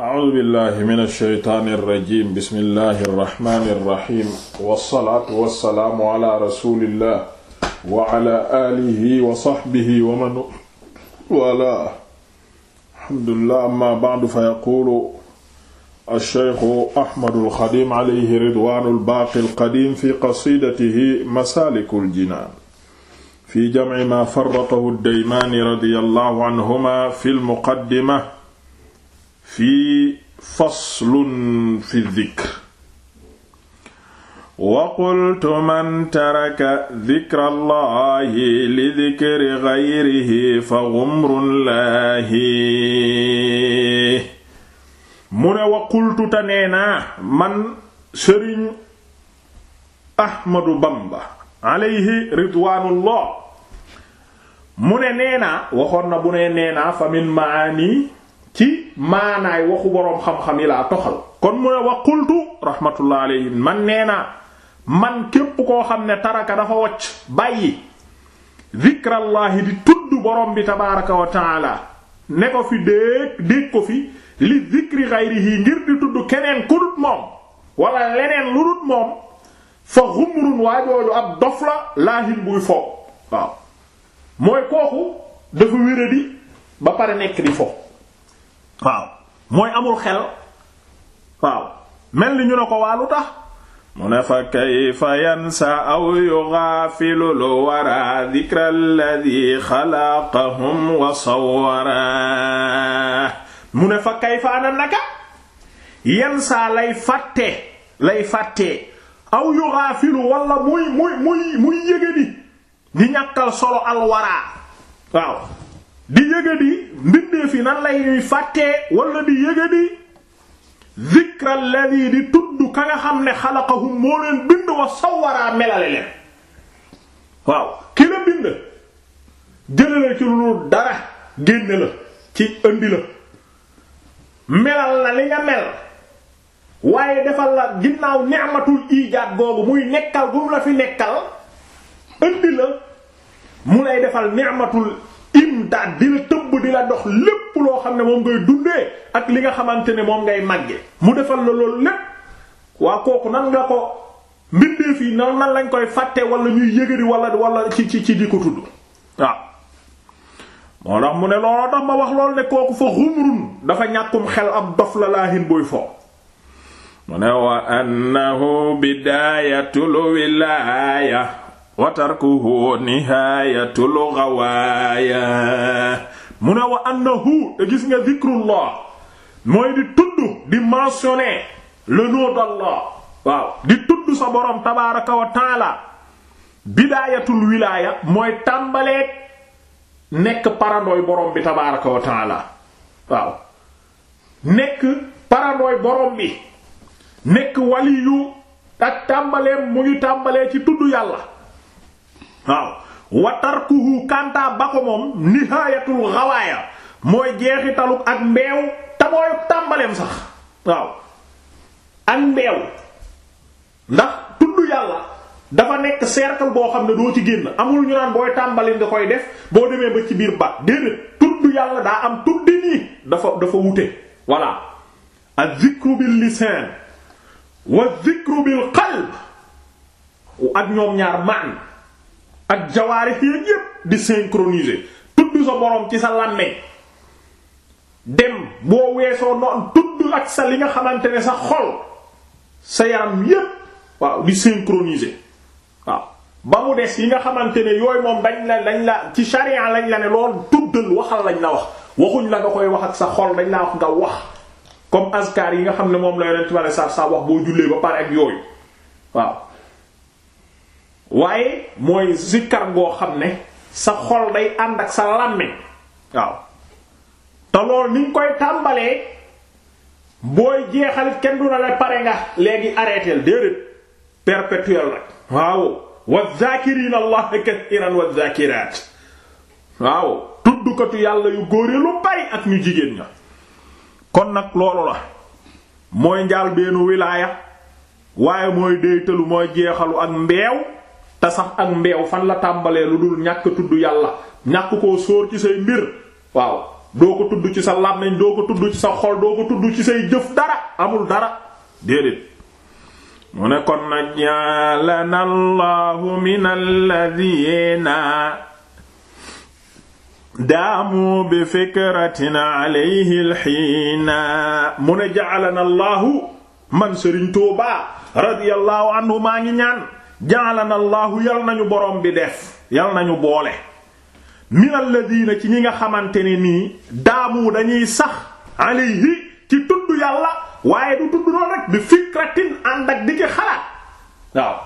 a'uuzu billahi min ash-shaytaani irrajim bismillahi irrahmani irrahim wassalaatu wassalaamu ala rasulillah wa ala alihi wa sahbihi wa man wala alhamdulillah amma ba'du fa yaquulu ash-shaykhu ahmadu al-xadiim alayhi ridwaanu al-baaqi al-qadiim fi qasiidatihi masaaliku al-jinaan fi jamci maa farraqahu ad-daymaani radiyallahu anhumaa fi al-muqaddima fii faslun fi dhikr wa qultu man taraka dhikra allahi li dhikri ghayrihi fa ghumrun laahi mu ne wa qultu ta nee naa man sëriñ ahmadu bamba alayhi ridwaanullah mu ne nee naa waxoon na bu ne nee naa fa min maani ci maanaay waxu boroom xam-xam yi laa toxal kon mu ne wa man nee naa man képp koo xam ne taraka dafa wocc bàyyi zikrallaahi di tudd borom bi tabaaraka wa ne ko fi déeg déeg ko fi li ngir di tudd keneen ku moom wala leneen lu dut moom fa xumrun waa ab dof la laahin buy fo mooy kooku dafa wéradi ba pare nekk di fo waaw mooy amul xel waaw mel ni ñu ne ko waa lu tax mu ne fa kayfa yansa aw yughaafilu lu wara dhikra alladhi xalaqahum wa sawwara mu ne fa kayfa ana naka yansa lay fàtte lay fàtte aw yughaafilu wala muy muy muy muy yëgadi di ñàkkal solo alwara waaw di yëga di mbindeef yi nan lay ñuy fàttee wala di yëga di zikra alladhi di tudd ka nga xam ne xalaqahum moo leen bind wa sawwaraa melale leen waaw ki la bind jële la ci lu dara génne la ci indi la melal na li nga mel waaye defal la ginnaaw ni'matul ijaad googu muy nekkal bu mu la fi nekkal indi la mu lay defal ni'matul imdaad di la tëbb di la dox lépp loo xam ne moom ngay dundee ak li nga xamante ne moom ngay màgge mu defal la loolu lépp waa kooku nan nga ko mbindeef yi nan lañ koy fàtte wala ñuy yëgëri wala wala ci ci ci di ko tudd moo tax mu ne looloo tax ma wax lool ne kooku fa xumrun dafa ñàkkum xel ab dof la laahin booy foo mu ne wa annahu bidaayatu wilaaya wa tarkuhu nihayatul ghawaaya mu ne wa annahu te gis nga zikrullah mooy di tudd di mentionner le nom waaw di tudd sa borom tabaaraka wa taala bidaayatul wilaaya mooy tàmbaleek nekk parandooy borom bi tabaaraka wa nekk parandooy borom bi nekk waliyu ak mu ngi tàmbalee ci tudd yàlla waaw wa tarkuhu kanta ba ko moom nihaayatul xawaaya mooy jeexitaluk ak mbeew te mooy tàmbaleem sax waaw ak mbeew ndax tudd yàlla dafa nekk cercle boo xam ne doo ci génn amul ñu naan booy tàmbali nga koy def boo demee ba ci biir ba déedéet tudd yàlla daa am tuddi nii dafa dafa wute voilà az-zikru bil lisaan wa bil qalb ak ñoom ñaar maan ak jawaari yéeg yépp di synchroniser tudd sa boroom ci sa làmmeñ dem boo weesoo noon tudd ak sa li nga xamante ne sa xol sa yaram yépp waaw di synchroniser waaw ba mu des yi nga xamante ne yooyu moom dañ la lañ la ci sharia lañ la ne loolu tuddal waxal lañ la wax waxuñ la nga koy wax ak sa xol dañ la wax nga wax comme askar yi nga xam ne moom la yonent bi sallallahu sa wasallam wax boo jullee ba pare ak yooyu waaw waaye mooy zikkar goo xam ne sa xol day ànd ak sa làmmiñ waaw te loolu niñ koy tàmbalee booy jeexalit kenn du na la pare nga léegi arrêtéel déedéet perpétuel rek waaw wa zakirina allah kathiran wa zakirat waaw tuddukatu yàlla yu góore lu bari ak ñu jigéen ña kon nag loolu la mooy njaal beenu wilaaya waaye mooy déytalu mooy jeexalu ak mbeew te sax ak mbeew fan la tàmbalee lu dul ñàkk tudd yàlla ñàkk koo sóor ci say mbir waaw doo ko tudd ci sa làmmiñ doo ko tudd ci sa xol doo ko tudd ci say jëf dara amul dara déedéet mu ne kon nag jaalana allahu min alladhina daamu bi fikratina allahu anhu maa ngi ñaan ja'alana allahu yal nañu borom bi def yal nañu boole min diina ci ñi nga xamante ne nii daamu dañuy sax alayhi ci tudd yàlla waaye du tudd noonu rek bi fikratin ànd ak di xalaat waaw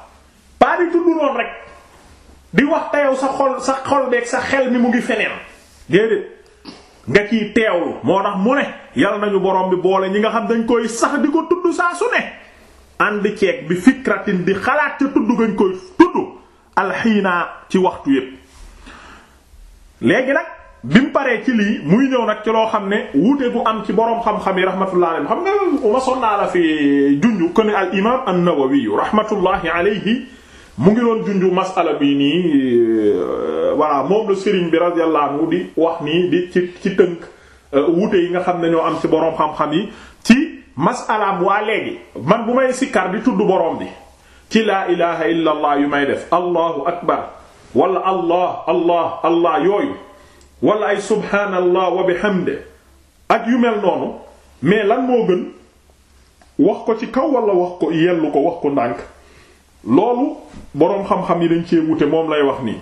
pas tudd noonu rek di wax te sa xol sa xol beeg sa xel mi mu ngi feneen déedéet nga ciy teewlu moo tax mu ne yal nañu borom bi boole ñi nga xam dañ koy sax di ko tudd saa su ne ànd ceeg bi fikratin di xalaat ca tudd gañ koy tudd alxiinaa ci waxtu yépp léegi nag bi mu paree ci lii muy ñëw nag ci loo xam ne wuute bu am ci boroom xam-xam yi rahmatullahi alayhi xam nga masoon fi junj ko ne al imaam an-Nawawi mu ngi doon junj masala bi nii euh, voilà moom la sëriñ bi radiyallahu anhu di wax nii di ci ci tënk euh, wuute yi nga xam ne ñoo am ci boroom xam-xam yi ci masalaam waa léegi man bu may sikkar di tudd boroom bi ci laa ilaha illa allah yu may def allahu akbar wala allah allah allah yooyu wala ay subhaanallah wa bihamde ak yu mel noonu mais lan moo gën wax ko ci kaw wala wax ko yellu ko wax ko ndànk loolu boroom xam-xam yi dañ cee wute moom lay wax nii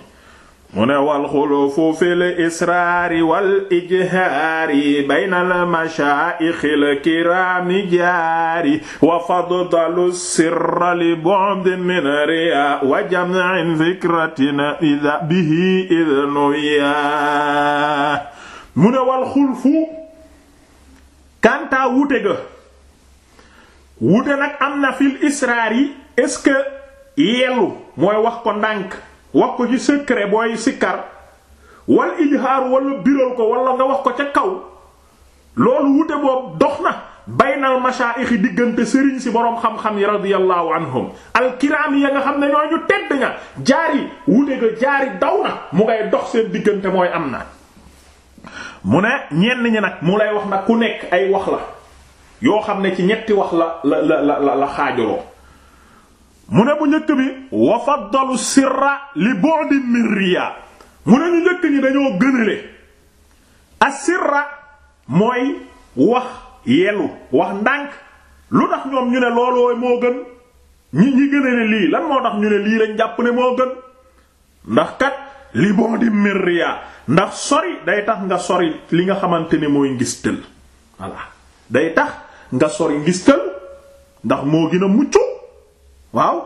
mu ne wal xulufu fil israari wal ijhaari baynal mashaayixil kiraami jaari wa faddalu sirra li bu'din min riya wa jam'in fikratina idha bihi idnu ya mu ne wal xulfu kantaa wuute ga wuute nag am na fil israari est-ce que yellu mooy wax ko ndànk wax ko ci secret booy sikkar wal ijhaar wala biral ko wala nga wax ko ca kaw loolu wute boobu dox na baynal mashaayixi diggante sëriñ si boroom xam-xam yi radiyallahu anhum alkiraam ya nga xam ne ñoo ñu tedd nga jaari wute ga jaari daw na mu ngay dox seen diggante mooy am na mu ne ñenn ñi nag mu lay wax nag ku nekk ay wax la yoo xam ne ci ñetti wax la la la la la mu ne bu njëkk bi wa faddalu sirra li bu'di min riya mu ne ñu njëkk ñi dañoo gënale sirra mooy wax yellu wax ndànk lu tax ñoom ñu ne loolooy moo gën ñi ñi gënale lii lan moo tax ñu ne lii lañ jàpp ne moo gën ndax kat li bu'di min riya ndax sori day tax nga sori li nga xamante ne mooy ngistal voilà nga sori ngistal waaw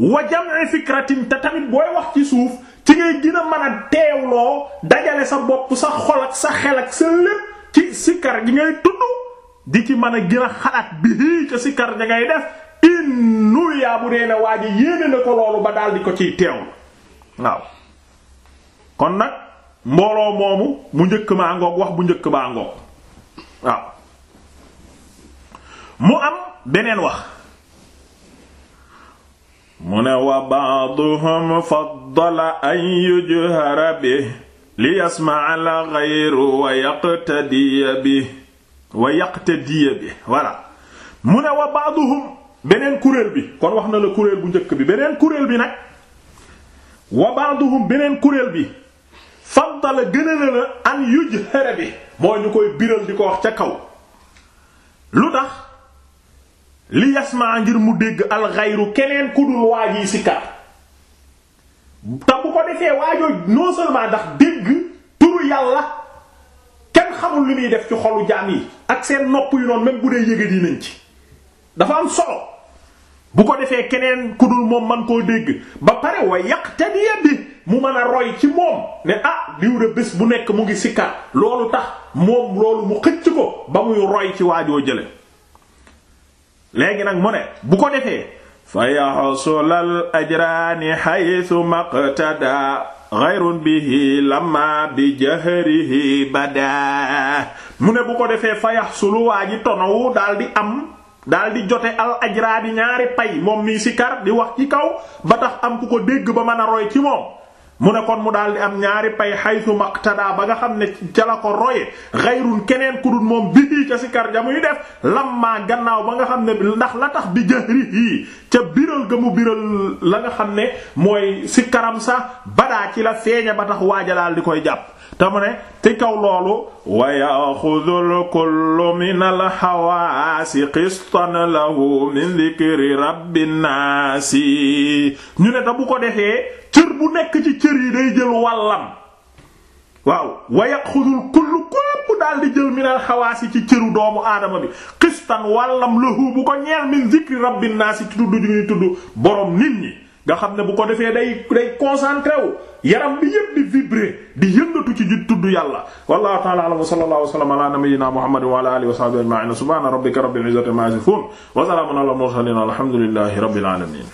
wa jam'i fikratin te tamit booy wax ci suuf ci ngay gën a mën a teewloo dajale sa bopp sa xol ak sa xel ak sa lépp ci sikar gi ngay tudd di ci mën a gën xalaat bi hii ci sikar ja ngay def in nu yaa bu dee ne waa ji yéene na ko loolu ba daal di ko ciy teewlu waaw kon nag mbooloo moomu mu njëkk maa ngoog wax bu njëkk baa ngoog waaw mu am beneen wax mu ne wa ba'duhum faddala an yujhara bi li yasma'a al ghayru wa yaqtadiya bi wa voilà mu ne wa ba'duhum beneen kuréel bi kon wax na la kuréel bu njëkk bi beneen kuréel bi nag wa ba'duhum beneen kuréel bi faddala gën a na la an yujhara bi mooy ñu koy biral di ko wax ca kaw lu tax li yasmaa ngir mu dégg alxayru keneen ku dul waaj yi si kat te bu ko defee waajoo non seulement ndax dégg turu yàlla kenn xamul li muy def ci xolu jaam yi ak seen nopp yu noonu même bu dee yëgat yi nañ ci dafa am solo bu ko defee keneen ku dul moom man koo dégg ba pare wa yaqtadiya bi mu mën a roy ci moom ne ah diw de bés bu nekk mu ngi sikkat loolu tax moom loolu mu xëcc ko ba muy roy ci waajoo jële léegi nag mu ne bu ko defee fa yaxsulal ajraani xaytu maqtada xayrun bihi lama bi jahrihi bada mu ne bu ko defee fa yaxsulu waa ji tonowu daal di am daal di jote al ajraani ñaari pay moom mii si kar di wax ci kaw ba tax am ku ko dégg ba mën a roy ci moom mu ne kon mu daal di am ñaari pay xaytu maqtada ba nga xam ne ca la ko roye xayrun keneen ku dul moom bi ca si kar ja muy def lamma gannaaw ba nga xam ne ndax la tax bi jëri ca biral ga mu biral la nga xam ne mooy si karam sax badaa ci la feeña ba tax waajalaal di koy jàpp te mu ne ci kaw loolu wa yaxudul kullu min alxawaasi qistan lahu min dikri rabbi naasi ñu ne bu ko defee cër bu nekk ci cër yi day jël waaw wa yaxudul kullu képp daal di jël min alxawaasi ci cëru doomu aadama bi xistan wàllam lahu bu ko ñeel min zikri rabbin naasi ci tudd ju ñu tudd borom nit ñi nga xam ne bu ko defee day day concentré wu yaram bi yëpp di vibrer di yëngatu ci ji tudd yàlla wallahu ta'ala a'lam wa sallallahu wa sallama ala mursalin alhamdulillahi rabbil alamin